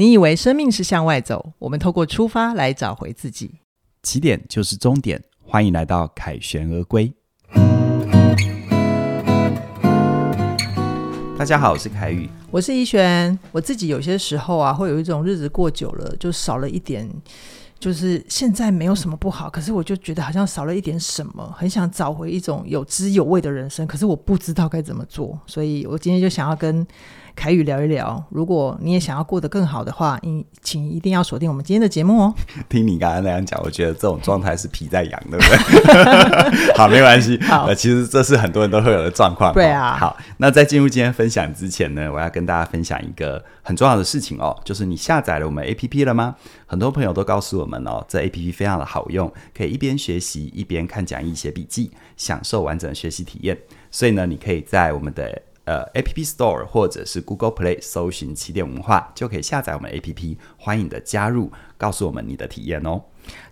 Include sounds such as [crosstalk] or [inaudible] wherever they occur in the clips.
你以為生命是向外走，我們透過出發來找回自己。起點就是終點，歡迎來到凱璇而歸、嗯。大家好，我是凱宇，我是怡璇。我自己有些時候啊，會有一種日子過久了，就少了一點，就是現在沒有什麼不好，可是我就覺得好像少了一點什麼，很想找回一種有滋有味的人生，可是我不知道該怎麼做，所以我今天就想要跟。凱宇聊一聊，如果你也想要過得更好的話，你請一定要鎖定我們今天的節目哦。聽你剛才那樣講，我覺得這種狀態是皮在癢的。 [laughs] 對不對 [laughs] [laughs] 好，沒關係。那、呃、其實這是很多人都會有的狀況。對啊。好，那在進入今天分享之前呢，我要跟大家分享一個很重要的事情哦，就是你下載了我們 APP 了嗎？很多朋友都告訴我們哦，這 APP 非常的好用，可以一邊學習一邊看講義、寫筆記，享受完整的學習體驗。所以呢，你可以在我們的。呃，App Store 或者是 Google Play 搜尋“啟點文化”，就可以下載我們 APP，歡迎你的加入。告訴我們你的體驗哦，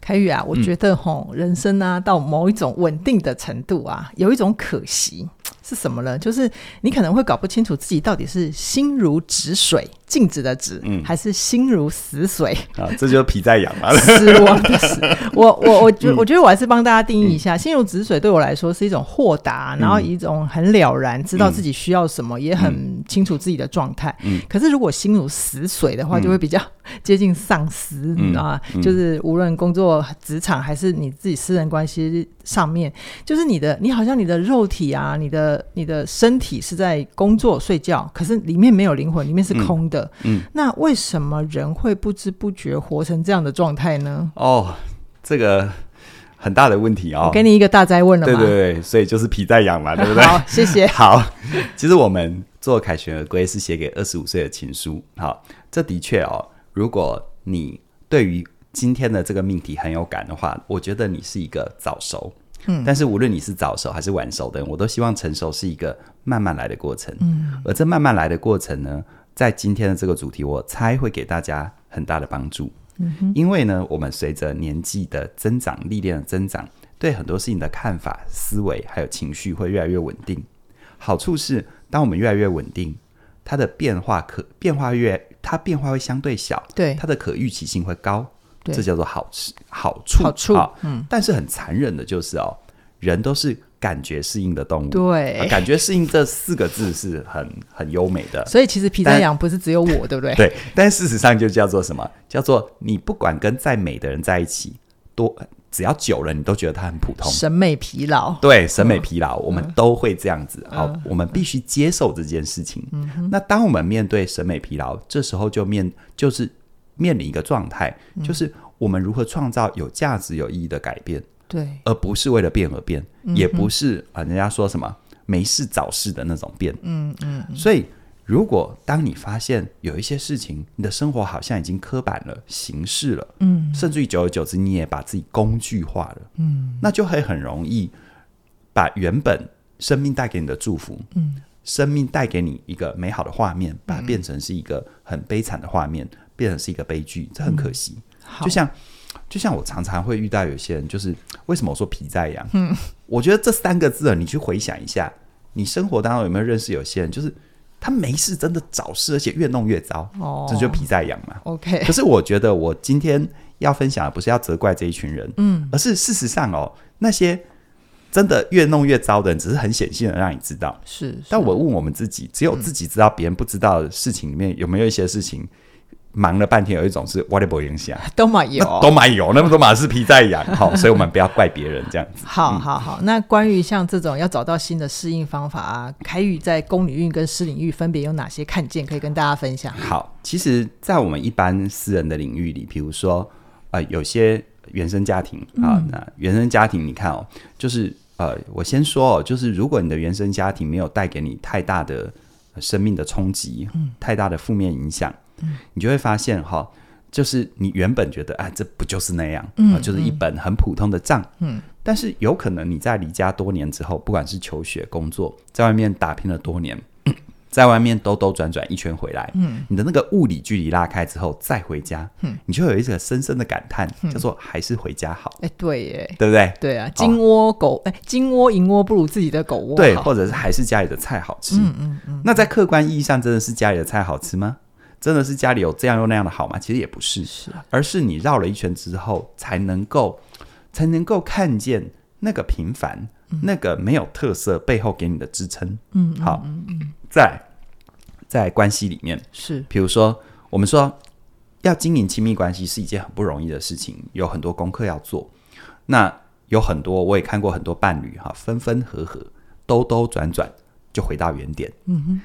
凱宇啊，我覺得吼、嗯、人生啊，到某一種穩定的程度啊，有一種可惜是什麼呢？就是你可能會搞不清楚自己到底是心如止水，靜止的止，嗯，還是心如死水啊？這就是皮在癢嘛。死亡的 [laughs] 死。我我我覺我覺得我還是幫大家定義一下，嗯、心如止水對我來說是一種豁達、嗯，然後一種很了然，知道自己需要什麼、嗯，也很清楚自己的狀態。嗯。可是如果心如死水的話，嗯、就會比較。接近喪屍、嗯，啊、嗯，就是無論工作、職場還是你自己私人關係上面，就是你的，你好像你的肉體啊，你的你的身體是在工作、睡覺，可是裡面沒有靈魂，裡面是空的嗯。嗯，那為什麼人會不知不覺活成這樣的狀態呢？哦，這個很大的問題、哦、我給你一個大哉問了，對對對，所以就是皮在癢嘛，對不對？好，謝謝。好，其實我們做《凱璇而歸》是寫給二十五歲的情書。好，這的確哦。如果你對於今天的這個命題很有感的話，我覺得你是一個早熟。嗯，但是無論你是早熟還是晚熟的人，我都希望成熟是一個慢慢來的過程。嗯，而這慢慢來的過程呢，在今天的這個主題，我猜會給大家很大的幫助。嗯，因為呢，我們隨着年紀的增長、歷練的增長，對很多事情的看法、思維還有情緒會越來越穩定。好處是，當我們越來越穩定，它的變化可變化越它變化會相對小，對它的可預期性會高，這叫做好處，好處，好處、哦，嗯。但是很殘忍的就是哦，人都是感覺適應的動物，對，呃、感覺適應這四個字是很很優美的。所以其實皮太癢不是只有我，對不對？對，但事實上就叫做什麼？叫做你不管跟再美的人在一起多，只要久了，你都覺得它很普通，審美疲勞。對，審美疲勞、哦，我們都會這樣子。好、哦呃哦，我們必須接受這件事情。嗯、那當我們面對審美疲勞，這時候就面就是面臨一個狀態、嗯，就是我們如何創造有價值、有意義的改變，對、嗯，而不是為了變而變，嗯、也不是啊，人家說什麼沒事找事的那種變。嗯嗯、嗯，所以。如果當你發現有一些事情，你的生活好像已經刻板了、形式了，嗯，甚至於久而久之，你也把自己工具化了，嗯，那就會很容易把原本生命帶給你的祝福，嗯，生命帶給你一個美好的畫面，把它變成是一個很悲慘的畫面，變成是一個悲劇，這很可惜，嗯。就像，就像我常常會遇到有些人，就是為什麼我說皮在癢？嗯，我覺得這三個字，你去回想一下，你生活當中有沒有認識有些人，就是。他沒事，真的找事，而且越弄越糟，oh, okay. 這就皮在癢嘛。OK，可是我覺得我今天要分享的不是要責怪這一群人，嗯，而是事實上哦，那些真的越弄越糟的人，只是很顯性的讓你知道。是,是，但我問我們自己，只有自己知道，別人不知道的事情裡面、嗯、有沒有一些事情？忙了半天，有一種是 variable 影響，都嘛有,、哦啊、有，都嘛有那麼多嘛是皮在癢，好、 [laughs] 哦，所以我們不要怪別人這樣子。 [laughs] 好好好，嗯、那關於像這種要找到新的適應方法啊，凱宇在公領域跟私領域分別有哪些看見可以跟大家分享？好，其實，在我們一般私人的領域裡，比如說、呃，有些原生家庭啊、呃，那原生家庭，你看哦，嗯、就是呃，我先說哦，就是如果你的原生家庭沒有帶給你太大的生命的衝擊、嗯，太大的負面影響。你就會發現哈、哦，就是你原本覺得啊，這不就是那樣，嗯，啊、就是一本很普通的賬，嗯。但是有可能你在離家多年之後，不管是求學、工作，在外面打拼了多年，嗯、在外面兜兜轉轉一圈回來，嗯，你的那個物理距離拉開之後，再回家，嗯，你就有一種深深的感嘆，叫做還是回家好。哎、嗯，對耶，對不對？對啊，金窩狗，哎、哦，金窩銀窩不如自己的狗窩，對，或者是還是家裡的菜好吃，嗯嗯嗯。那在客觀意義上，真的是家裡的菜好吃嗎？真的是家裡有這樣又那樣的好嗎？其實也不是，是，而是你繞了一圈之後，才能夠，才能夠看見那個平凡，嗯、那個沒有特色背後給你的支撐。嗯，嗯，嗯，嗯，好，在在關係裡面，是，比如說，我們說要經營親密關係是一件很不容易的事情，有很多功課要做。那有很多，我也看過很多伴侶哈、啊，分分合合，兜兜轉轉就回到原點。嗯哼。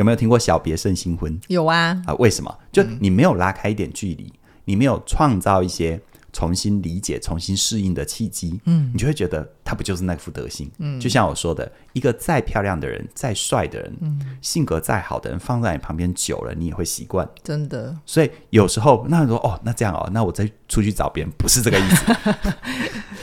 有沒有聽過“小別勝新婚”？有啊，啊，為什麼？就你沒有拉開一點距離，嗯，你沒有創造一些重新理解、重新適應的契機，嗯，你就會覺得。他不就是那個副德行？嗯，就像我說的，一個再漂亮的人，再帥的人、嗯、性格再好的人，放在你旁邊久了，你也會習慣。真的，所以有時候那你說、嗯、哦，那這樣哦，那我再出去找別人，不是這個意思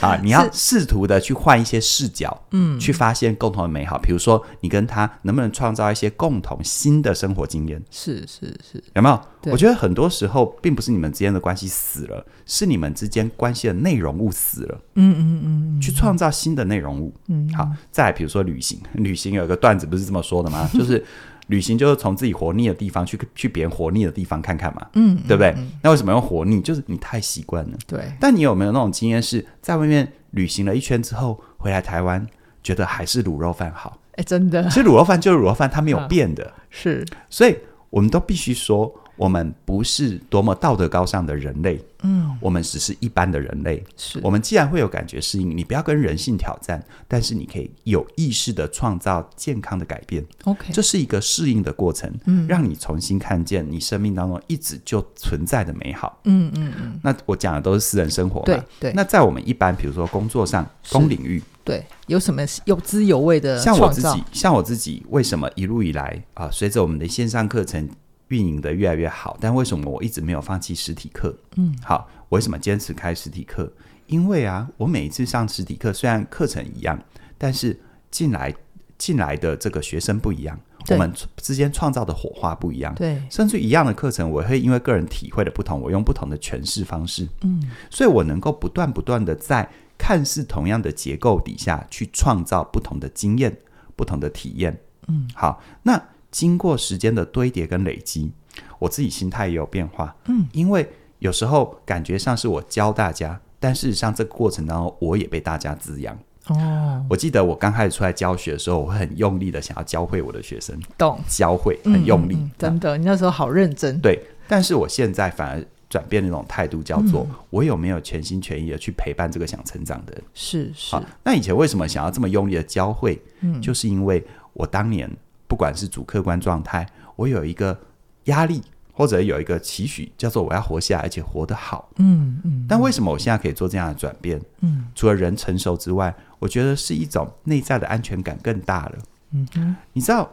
[laughs] 啊！你要試圖的去換一些視角，嗯，去發現共同的美好、嗯。比如說，你跟他能不能創造一些共同新的生活經驗？是是是，有沒有？我覺得很多時候並不是你們之間的關係死了，是你們之間關係的內容物死了。嗯嗯嗯嗯，去創造。新的內容物，嗯，好。再比如說旅行，旅行有一個段子不是這麼說的嗎？就是旅行就是從自己活膩的地方去去別人活膩的地方看看嘛， [laughs] 嗯，對不對、嗯嗯？那為什麼用活膩？就是你太習慣了。對。但你有沒有那種經驗是在外面旅行了一圈之後回來台灣，覺得還是滷肉飯好？哎、欸，真的，其實滷肉飯就是滷肉飯，它沒有變的、嗯。是。所以我們都必須說。我們不是多麼道德高尚的人類，嗯，我們只是一般的人類。是，我們既然會有感覺適應，你不要跟人性挑戰，但是你可以有意識的創造健康的改變。OK，這是一個適應的過程，嗯，讓你重新看見你生命當中一直就存在的美好。嗯嗯嗯。那我講的都是私人生活嘛，對對。那在我們一般，比如說工作上公領域，對，有什麼有滋有味的？像我自己，像我自己，為什麼一路以來啊，隨着我們的線上課程，運營得越來越好，但為什麼我一直沒有放棄實體課？嗯，好，我為什麼堅持開實體課？因為啊，我每一次上實體課，雖然課程一樣，但是進來進來的這個學生不一樣，我們之間創造的火花不一樣，對，甚至一樣的課程，我會因為個人體會的不同，我用不同的詮釋方式，嗯，所以我能夠不斷不斷地在看似同樣的結構底下去創造不同的經驗、不同的體驗，嗯，好，那。經過時間的堆疊跟累積，我自己心態也有變化。嗯，因為有時候感覺上是我教大家，但事實上這個過程當中，我也被大家滋養。哦，我記得我剛開始出來教學的時候，我會很用力的想要教會我的學生，懂，教會很用力、嗯。真的，你那時候好認真。對，但是我現在反而轉變那種態度，叫做、嗯、我有沒有全心全意的去陪伴這個想成長的人？是是。好，那以前為什麼想要這麼用力的教會？嗯，就是因為我當年。不管是主客觀狀態，我有一個壓力，或者有一個期許，叫做我要活下來，而且活得好。嗯嗯。但為什麼我現在可以做這樣的轉變？嗯。除了人成熟之外，我覺得是一種內在的安全感更大了。嗯嗯。你知道，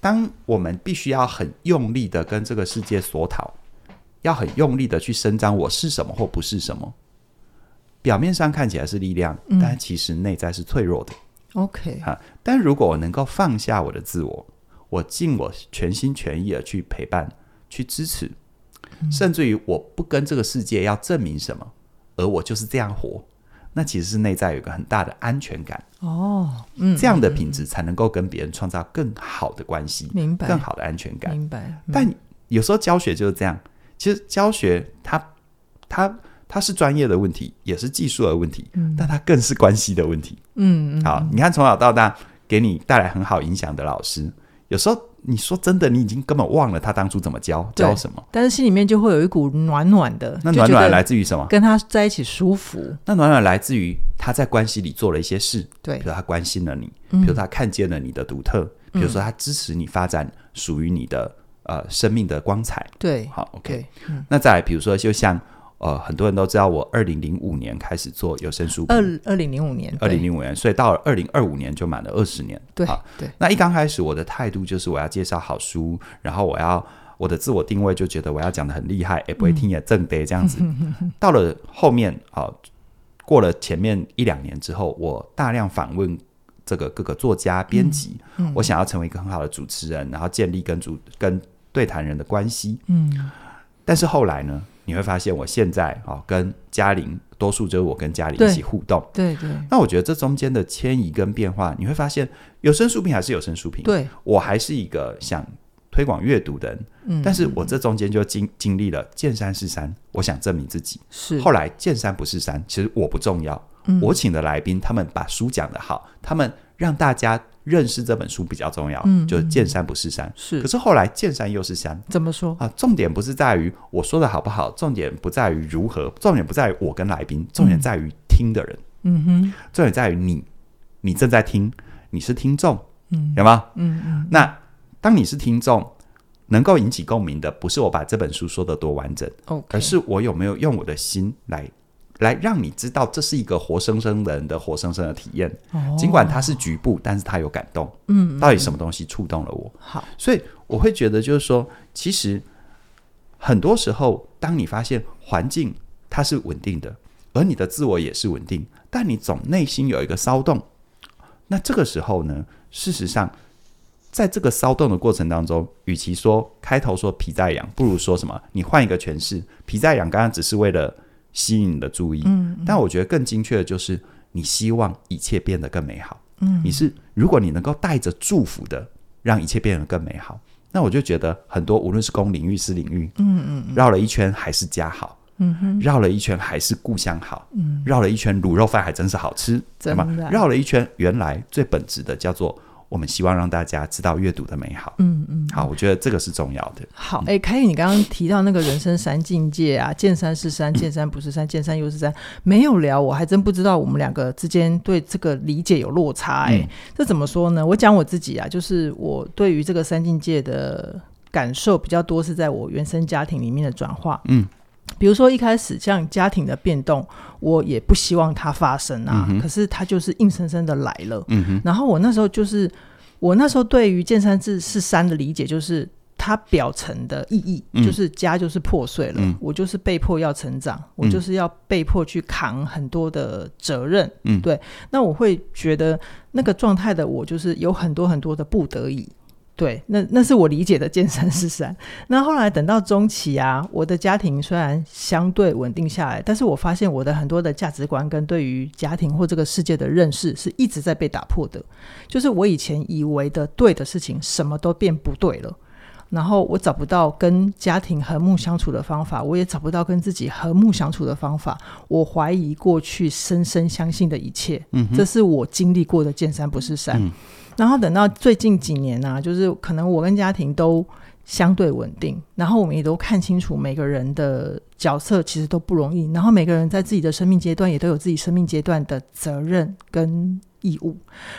當我們必須要很用力的跟這個世界索討，要很用力的去伸張我是什麼或不是什麼，表面上看起來是力量，但其實內在是脆弱的。嗯 OK 啊，但如果我能夠放下我的自我，我盡我全心全意的去陪伴，去支持，嗯，甚至於我不跟這個世界要證明什麼，而我就是這樣活，那其實是內在有一個很大的安全感。哦，嗯，這樣的品質才能夠跟別人創造更好的關係，明白？更好的安全感，明白？嗯，但有時候教學就是這樣，其實教學它，它。它是專業的問題，也是技術的問題、嗯，但它更是關係的問題。嗯，好，你看從小到大給你帶來很好影響的老師，有時候你說真的，你已經根本忘了他當初怎麼教教什麼，但是心裡面就會有一股暖暖的。那暖暖來自於什麼？跟他在一起舒服。那暖暖來自於他在關係裡做了一些事，對，比如他關心了你，嗯、比如他看見了你的獨特、嗯，比如說他支持你發展屬於你的呃生命的光彩。對，好，OK、嗯。那再來比如說，就像。呃，很多人都知道我二零零五年開始做有聲書。二二零零五年，二零零五年，所以到了二零二五年就滿了二十年。對、啊、對，那一剛開始我的態度就是我要介紹好書，嗯、然後我要我的自我定位就覺得我要講得很厲害，也、嗯、不會聽也正的這樣子、嗯。到了後面啊，過了前面一兩年之後，我大量訪問這個各個作家、編輯、嗯嗯，我想要成為一個很好的主持人，然後建立跟主跟對談人的關係。嗯，但是後來呢？你會發現，我現在啊、哦，跟嘉玲，多數就是我跟嘉玲一起互動對。對對。那我覺得這中間的遷移跟變化，你會發現有聲書評還是有聲書評。對。我還是一個想推廣閱讀的人，嗯，但是我這中間就經經歷了見山是山，我想證明自己。是。後來見山不是山，其實我不重要。嗯。我請的來賓，他們把書講得好，他們讓大家。認識這本書比較重要，嗯、就是見山不是山是，可是後來見山又是山，怎麼說？啊，重點不是在於我說的好不好，重點不在於如何，重點不在於我跟來賓，重點在於聽的人，嗯哼，重點在於你，你正在聽，你是聽眾，嗯，有嗎？嗯，那當你是聽眾，能夠引起共鳴的，不是我把這本書說的多完整 o、okay. 而是我有沒有用我的心來。來讓你知道，這是一個活生生的人的活生生的體驗。Oh. 儘管它是局部，但是它有感動。嗯，到底什麼東西觸動了我？好，所以我會覺得，就是說，其實很多時候，當你發現環境它是穩定的，而你的自我也是穩定，但你總內心有一個騷動。那這個時候呢？事實上，在這個騷動的過程當中，與其說開頭說皮在癢，不如說什麼？你換一個詮釋，皮在癢，剛剛只是為了。吸引你的注意，嗯、但我覺得更精確的就是你希望一切變得更美好，嗯、你是如果你能夠帶着祝福的讓一切變得更美好，那我就覺得很多無論是公領域私領域，嗯嗯，繞了一圈還是家好，嗯哼，繞了一圈還是故鄉好，嗯，繞了一圈滷肉飯還真是好吃，那麼繞了一圈原來最本質的叫做。我們希望讓大家知道閱讀的美好。嗯嗯，好，我覺得這個是重要的。好，哎、欸，凱宇，你剛剛提到那個人生三境界啊， [coughs] 見山是山，見山不是山，嗯、見山又是山，沒有聊我，我還真不知道我們兩個之間對這個理解有落差、欸。哎、嗯，這怎麼說呢？我講我自己啊，就是我對於這個三境界的感受比較多是在我原生家庭裡面的轉化。嗯。比如說一開始像家庭的變動，我也不希望它發生啊，嗯、可是它就是硬生生的來了。嗯，然後我那時候就是，我那時候對於“見山是山”的理解，就是它表層的意義，就是家就是破碎了，嗯，我就是被迫要成長，我就是要被迫去扛很多的責任。嗯，對。那我會覺得那個狀態的我，就是有很多很多的不得已。對，那那是我理解的見山是山。那後來等到中期啊，我的家庭雖然相對穩定下來，但是我發現我的很多的價值觀跟對於家庭或這個世界的認識是一直在被打破的。就是我以前以為的對的事情，什麼都變不對了。然後我找不到跟家庭和睦相處的方法，我也找不到跟自己和睦相處的方法。我懷疑過去深深相信的一切。嗯，這是我經歷過的見山不是山。嗯然後等到最近幾年啊，就是可能我跟家庭都相對穩定，然後我們也都看清楚每個人的角色其實都不容易，然後每個人在自己的生命階段也都有自己生命階段的責任跟義務。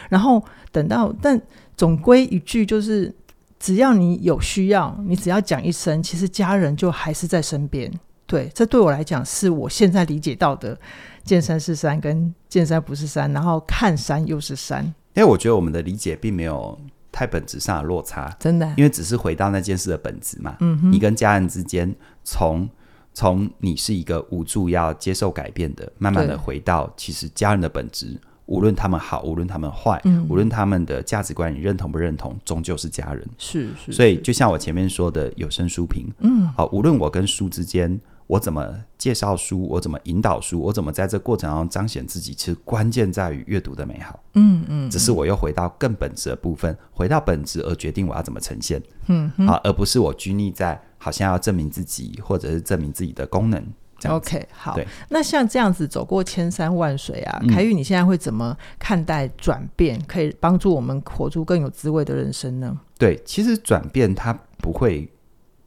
然後等到，但總歸一句就是，只要你有需要，你只要講一聲，其實家人就還是在身邊。對，這對我來講是我現在理解到的，見山是山跟見山不是山，然後看山又是山。因為我覺得我們的理解並沒有太本質上的落差，真的、啊，因為只是回到那件事的本質嘛、嗯哼。你跟家人之間，從從你是一個無助要接受改變的，慢慢的回到其實家人的本質，無論他們好，無論他們壞、嗯，無論他們的價值觀你認同不認同，終究是家人。是，是是，所以就像我前面說的，有聲書評，嗯，好、呃，無論我跟書之間。我怎麼介紹書？我怎麼引導書？我怎麼在這過程當中彰顯自己？其實關鍵在於閱讀的美好。嗯嗯。只是我又回到更本質的部分，回到本質而決定我要怎麼呈現。嗯。嗯好，而不是我拘泥在好像要證明自己，或者是證明自己的功能。OK，好。那像這樣子走過千山萬水啊，嗯、凱宇，你現在會怎麼看待轉變？可以幫助我們活出更有滋味的人生呢？對，其實轉變它不會。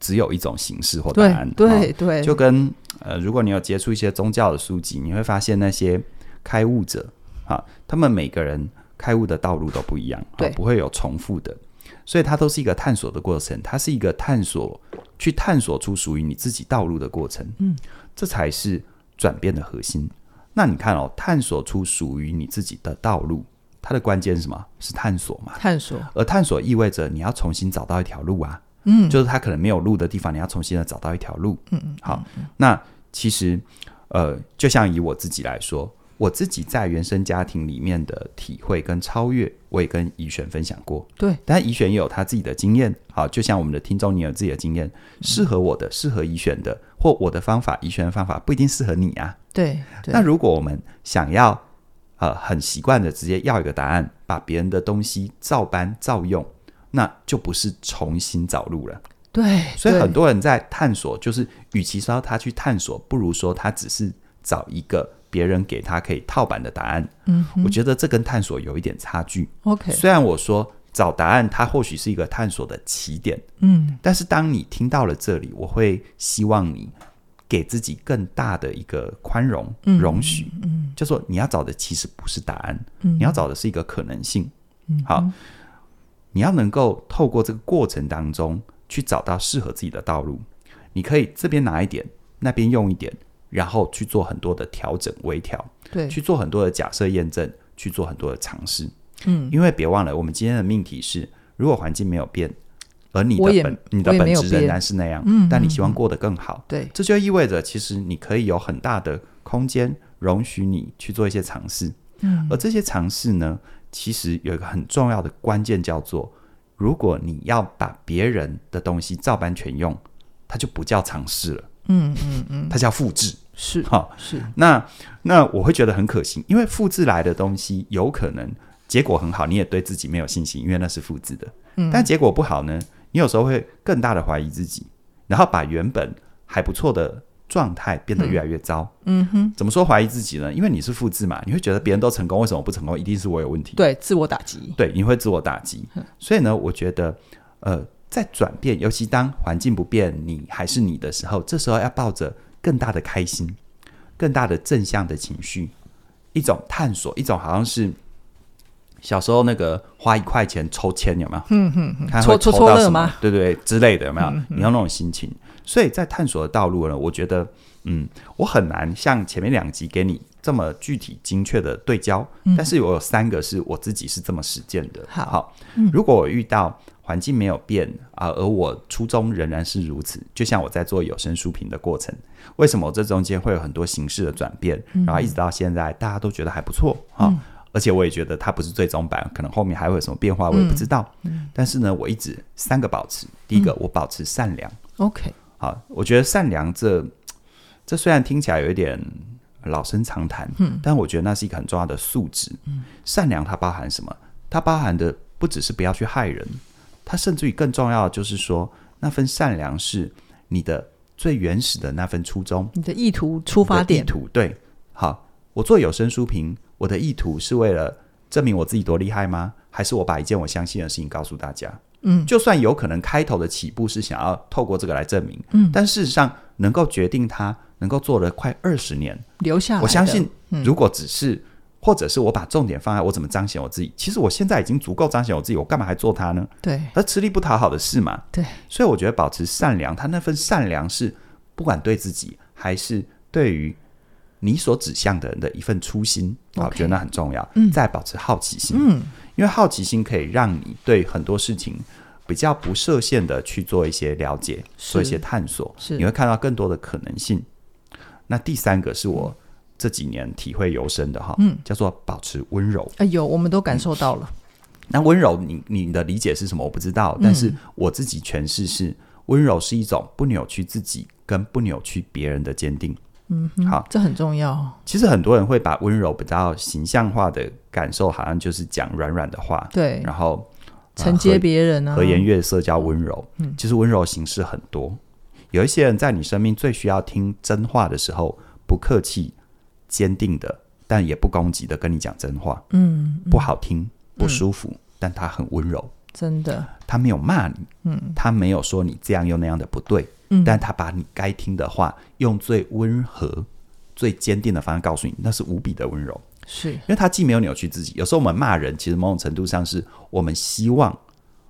只有一種形式或答案，對對，對、哦，就跟呃，如果你有接觸一些宗教的書籍，你會發現那些開悟者啊、哦，他們每個人開悟的道路都不一樣，對、哦，不會有重複的，所以它都是一個探索的過程，它是一個探索，去探索出屬於你自己道路的過程，嗯，這才是轉變的核心。那你看哦，探索出屬於你自己的道路，它的關鍵是什麼？是探索嘛？探索，而探索意味着你要重新找到一條路啊。嗯，就是他可能沒有路的地方，你要重新的找到一條路。嗯嗯，好，那其實，呃，就像以我自己來說，我自己在原生家庭裡面的體會跟超越，我也跟怡璇分享過。對，但怡璇也有他自己的經驗。好、啊，就像我們的聽眾，你有自己的經驗，適合我的，適合怡璇的，或我的方法，怡璇的方法不一定適合你啊對。對。那如果我們想要，呃，很習慣的直接要一個答案，把別人的東西照搬照用。那就不是重新找路了。對，對，所以很多人在探索，就是與其說他去探索，不如說他只是找一個別人給他可以套版的答案。嗯。我覺得這跟探索有一點差距。Okay. 雖然我說找答案，它或許是一個探索的起點。嗯。但是當你聽到了這裡，我會希望你給自己更大的一個寬容，容許。嗯嗯。就說你要找的其實不是答案，嗯，你要找的是一個可能性。嗯、好。你要能夠透過這個過程當中去找到適合自己的道路，你可以這邊拿一點，那邊用一點，然後去做很多的調整微調，對，去做很多的假設驗證，去做很多的嘗試，嗯，因為別忘了，我們今天的命題是：如果環境沒有變，而你的本你的本質仍然然是那樣，嗯，嗯，嗯，嗯，但你希望過得更好，對，這就意味着其實你可以有很大的空間容許你去做一些嘗試，嗯，而這些嘗試呢？其實有一個很重要的關鍵叫做，如果你要把別人的東西照搬全用，它，就不叫嘗試了。嗯嗯嗯，它叫複製。是，哈，哦，是。那那我會覺得很可惜，因為複製來的東西有可能結果很好，你也對自己沒有信心，因為那是複製的。嗯，但結果不好呢，你有時候會更大的懷疑自己，然後把原本還不錯的狀態變得越來越糟。嗯，嗯哼，怎麼說懷疑自己呢？因為你是複製嘛，你會覺得別人都成功，嗯，為什麼不成功？一定是我有問題。對，自我打擊。對，你會自我打擊。所以呢，我覺得，呃，在轉變，尤其當環境不變，你還是你的時候，嗯、這時候要抱着更大的開心，更大的正向的情緒，一種探索，一種好像是小時候那個花一塊錢抽籤，有沒有？嗯哼，抽、嗯嗯、抽到什麼？嗯嗯，對對，對之類的，有沒有？嗯嗯、你要那種心情。所以在探索的道路呢，我覺得，嗯，我很難像前面兩集給你這麼具體精確的對焦，嗯、但是我有三個是我自己是這麼實踐的，好，嗯、如果我遇到環境沒有變啊、呃，而我初衷仍然是如此，就像我在做有聲書評的過程，為什麼這中間會有很多形式的轉變？嗯、然後一直到現在大家都覺得還不錯啊、哦嗯，而且我也覺得它不是最終版，可能後面還會有什麼變化，我也不知道、嗯，但是呢，我一直三個保持，第一個我保持善良，OK。嗯好，我覺得善良這這雖然聽起來有一點老生常談，嗯，但我覺得那是一個很重要的素質。嗯，善良它包含什麼？它包含的不只是不要去害人，它甚至於更重要的就是說，那份善良是你的最原始的那份初衷，你的意圖出發點。意圖，對。好，我做有聲書評，我的意圖是為了證明我自己多厲害嗎？還是我把一件我相信的事情告訴大家？嗯，就算有可能開頭的起步是想要透過這個來證明，嗯，但事實上能夠決定他能夠做了快二十年，留下來。我相信，如果只是，嗯，或者是我把重點放在我怎麼彰顯我自己，其實我現在已經足夠彰顯我自己，我幹嘛還做它呢？對，而吃力不討好的事嘛，對。所以我覺得保持善良，他那份善良是不管對自己還是對於你所指向的人的一份初心，okay，啊，我覺得那很重要。嗯，再保持好奇心，嗯。因為好奇心可以讓你對很多事情比較不設限的去做一些了解，做一些探索，你會看到更多的可能性。那第三個是我這幾年體會尤深的哈，嗯，叫做保持溫柔。哎呦，我們都感受到了。嗯、那溫柔，你你的理解是什麼？我不知道，但是我自己詮釋是嗯、溫柔是一種不扭曲自己跟不扭曲別人的堅定。嗯，好，這很重要。其實很多人會把溫柔比較形象化的感受，好像就是講軟軟的話，對。然後承接別人呢、啊，和顏悅色叫溫柔。嗯，其實溫柔形式很多。有一些人在你生命最需要聽真話的時候，不客氣、堅定的，但也不攻擊的跟你講真話。嗯，嗯不好聽、不舒服、嗯，但他很溫柔。真的，他沒有罵你。嗯，他沒有說你這樣又那樣的不對。但他把你該聽的話用最溫和、最堅定的方式告訴你，那是無比的溫柔。是，因為他既沒有扭曲自己。有時候我們罵人，其實某種程度上是我們希望，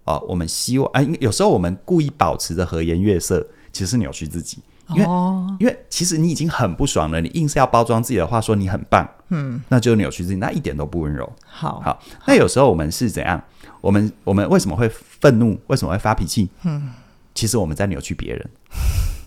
啊、哦，我們希望，哎、啊，有時候我們故意保持着和顏悅色，其實是扭曲自己。因為、哦，因為其實你已經很不爽了，你硬是要包裝自己的話，說你很棒，嗯，那就是扭曲自己，那一點都不溫柔。好，好，那有時候我們是怎樣？我們，我們為什麼會憤怒？為什麼會發脾氣？嗯。其實我們在扭曲別人，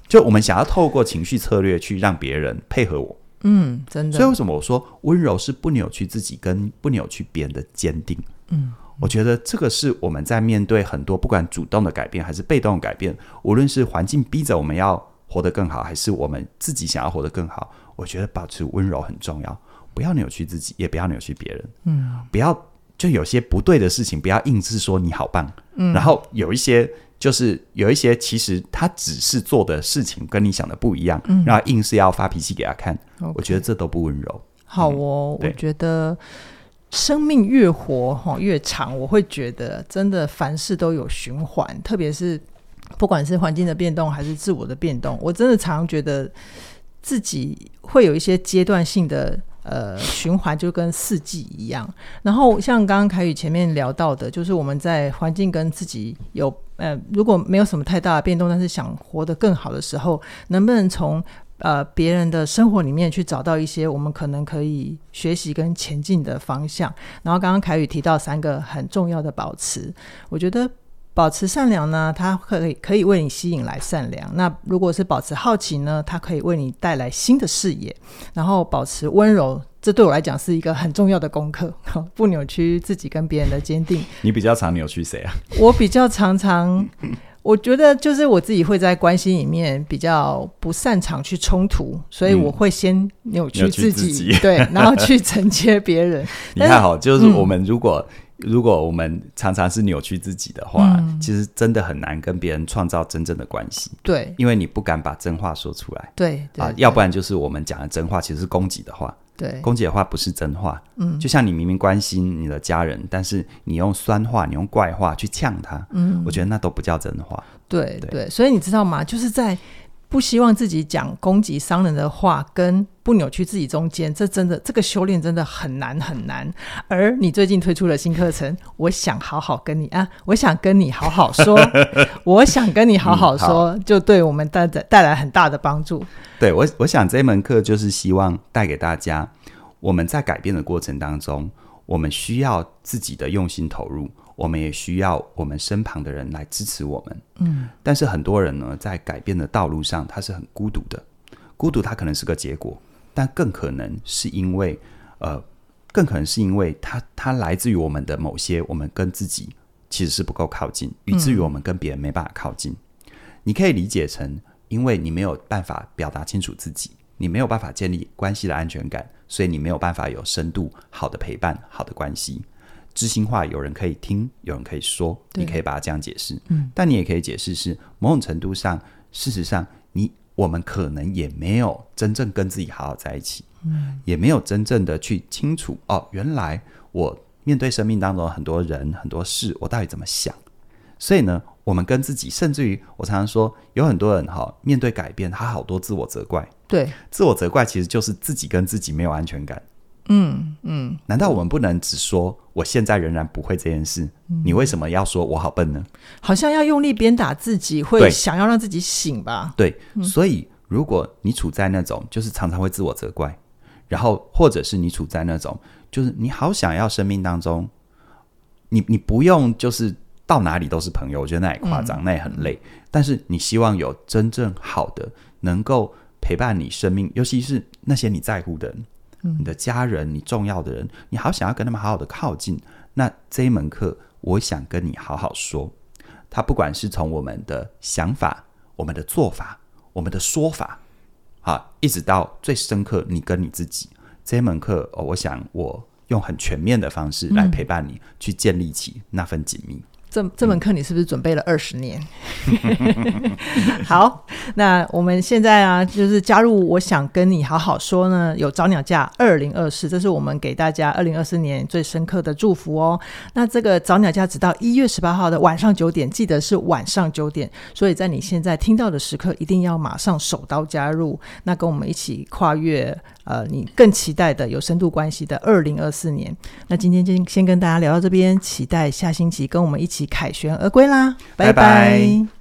就我們想要透過情緒策略去讓別人配合我。嗯，真的。所以為什麼我說溫柔是不扭曲自己跟不扭曲別人的堅定？嗯，我覺得這個是我們在面對很多不管主動的改變還是被動的改變，無論是環境逼着我們要活得更好，還是我們自己想要活得更好，我覺得保持溫柔很重要。不要扭曲自己，也不要扭曲別人。嗯，不要就有些不對的事情，不要硬是說你好棒。嗯，然後有一些。就是有一些，其實他只是做的事情跟你想的不一樣，那、嗯、硬是要發脾氣給他看，Okay. 我覺得這都不溫柔。好哦、嗯，我覺得生命越活越長，我會覺得真的凡事都有循環，特別是不管是環境的變動還是自我的變動，我真的常常覺得自己會有一些階段性的。呃，循環就跟四季一樣。然後像剛剛凱宇前面聊到的，就是我們在環境跟自己有呃，如果沒有什麼太大的變動，但是想活得更好的時候，能不能從呃別人的生活裡面去找到一些我們可能可以學習跟前進的方向？然後剛剛凱宇提到三個很重要的保持，我覺得。保持善良呢，他可以可以為你吸引來善良。那如果是保持好奇呢，他可以為你帶來新的視野。然後保持溫柔，這對我來講是一個很重要的功課。不扭曲自己跟別人的堅定。你比較常扭曲誰啊？我比較常常，我覺得就是我自己會在關係裡面比較不擅長去衝突，所以我會先扭曲自己，嗯、自己 [laughs] 對，然後去承接別人。你看好就是我們如果、嗯。如果我們常常是扭曲自己的話，嗯、其實真的很難跟別人創造真正的關係。對，因為你不敢把真話說出來。對，對啊，要不然就是我們講的真話其實是攻擊的話。對，攻擊的話不是真話。嗯，就像你明明關心你的家人，嗯、但是你用酸話、你用怪話去嗆他。嗯，我覺得那都不叫真話。對對，對，所以你知道嗎？就是在。不希望自己講攻擊傷人的話，跟不扭曲自己中間，這真的這個修煉真的很難很難。而你最近推出了新課程，我想好好跟你啊，我想跟你好好說， [laughs] 我想跟你好好說， [laughs] 嗯、好。就對我們帶來帶來很大的幫助。對我，我想這門課就是希望帶給大家，我們在改變的過程當中，我們需要自己的用心投入。我們也需要我們身旁的人來支持我們。嗯，但是很多人呢，在改變的道路上，他是很孤獨的。孤獨，他可能是個結果，但更可能是因為，呃，更可能是因為他，他來自於我們的某些，我們跟自己其實是不夠靠近，以至於我們跟別人沒辦法靠近。嗯。你可以理解成，因為你沒有辦法表達清楚自己，你沒有辦法建立關係的安全感，所以你沒有辦法有深度好的陪伴，好的關係。知心話有人可以聽，有人可以說，你可以把它這樣解釋。嗯，但你也可以解釋是某種程度上，事實上你，你我們可能也沒有真正跟自己好好在一起，嗯，也沒有真正的去清楚哦，原來我面對生命當中很多人很多事，我到底怎麼想？所以呢，我們跟自己，甚至於我常常說，有很多人哈，面對改變，他好多自我責怪，對，自我責怪其實就是自己跟自己沒有安全感。嗯嗯，難道我們不能只說我現在仍然不會這件事、嗯？你為什麼要說我好笨呢？好像要用力鞭打自己，會想要讓自己醒吧？對，嗯、所以如果你處在那種就是常常會自我責怪，然後或者是你處在那種就是你好想要生命當中，你你不用就是到哪裡都是朋友，我覺得那也誇張，那也很累。但是你希望有真正好的能夠陪伴你生命，尤其是那些你在乎的人。你的家人，你重要的人，你好想要跟他們好好的靠近。那這一門課，我想跟你好好說。他不管是從我們的想法、我們的做法、我們的說法，好、啊，一直到最深刻，你跟你自己這一門課、哦，我想我用很全面的方式來陪伴你，嗯、去建立起那份緊密。這這門課你是不是準備了二十年？ [laughs] 好，那我們現在啊，就是加入。我想跟你好好說呢。有早鳥價，二零二四，這是我們給大家二零二四年最深刻的祝福哦。那這個早鳥價只到一月十八號的晚上九點，記得是晚上九點，所以在你現在聽到的時刻，一定要馬上手刀加入。那跟我們一起跨越，呃，你更期待的有深度關係的二零二四年。那今天先先跟大家聊到這邊，期待下星期跟我們一起，凱璇而歸啦！拜拜。拜拜。